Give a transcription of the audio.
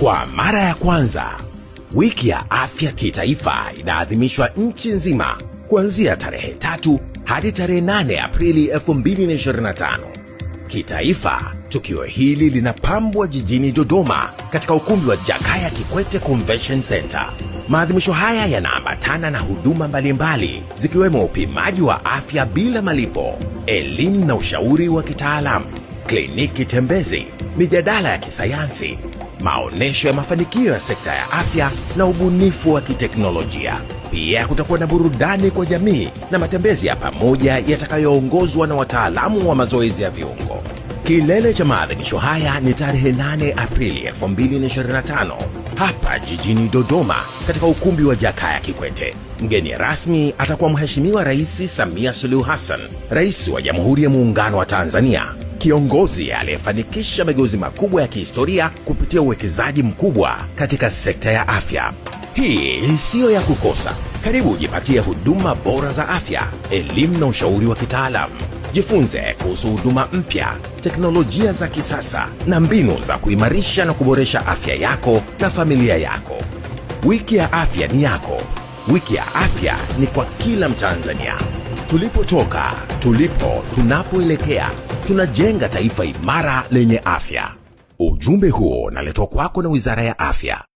Kwa mara ya kwanza, wiki ya afya kitaifa inaadhimishwa nchi nzima kuanzia tarehe tatu hadi tarehe 8 Aprili 2025. Kitaifa, tukio hili linapambwa jijini Dodoma katika ukumbi wa Jakaya Kikwete Convention Center. Maadhimisho haya yanaambatana na huduma mbalimbali zikiwemo upimaji wa afya bila malipo, elimu na ushauri wa kitaalamu kliniki tembezi, mijadala ya kisayansi, maonyesho ya mafanikio ya sekta ya afya na ubunifu wa kiteknolojia. Pia kutakuwa na burudani kwa jamii na matembezi ya pamoja yatakayoongozwa na wataalamu wa mazoezi ya viungo. Kilele cha maadhimisho haya ni tarehe 8 Aprili 2025 hapa jijini Dodoma, katika ukumbi wa Jakaya Kikwete. Mgeni rasmi atakuwa Mheshimiwa Rais Samia Suluhu Hassan, Rais wa Jamhuri ya Muungano wa Tanzania kiongozi aliyefanikisha mageuzi makubwa ya kihistoria kupitia uwekezaji mkubwa katika sekta ya afya. Hii siyo ya kukosa. Karibu ujipatie huduma bora za afya, elimu na ushauri wa kitaalamu. Jifunze kuhusu huduma mpya, teknolojia za kisasa na mbinu za kuimarisha na kuboresha afya yako na familia yako. Wiki ya afya ni yako. Wiki ya afya ni kwa kila Mtanzania. Tulipotoka, tulipo, tunapoelekea, tunajenga taifa imara lenye afya. Ujumbe huo unaletwa kwako na Wizara ya Afya.